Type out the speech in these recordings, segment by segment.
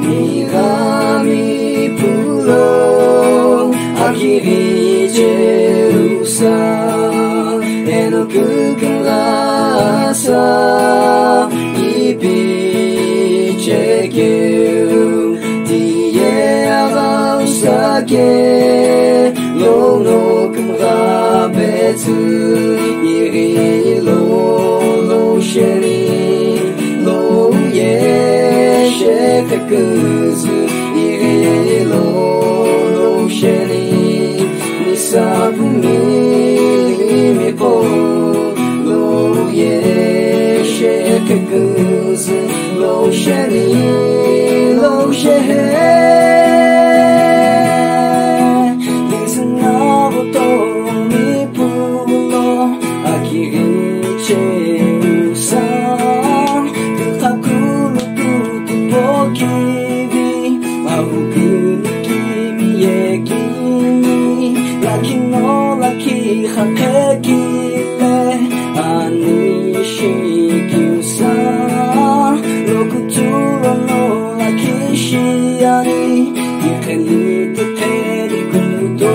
Biegami pulą, akhiri Jerusalem, enokukun asa, ibi chekiu, tie avau sake, lonokum rabetsu, iri lo lo sheri. căzi Irelo no sheri Ni sabu mi mi po Lo ye she ke căzi Lo Sakinolaki hakekile Anishikisa Lokuturo no lakishiani Ikenite terikudo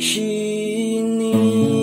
是你。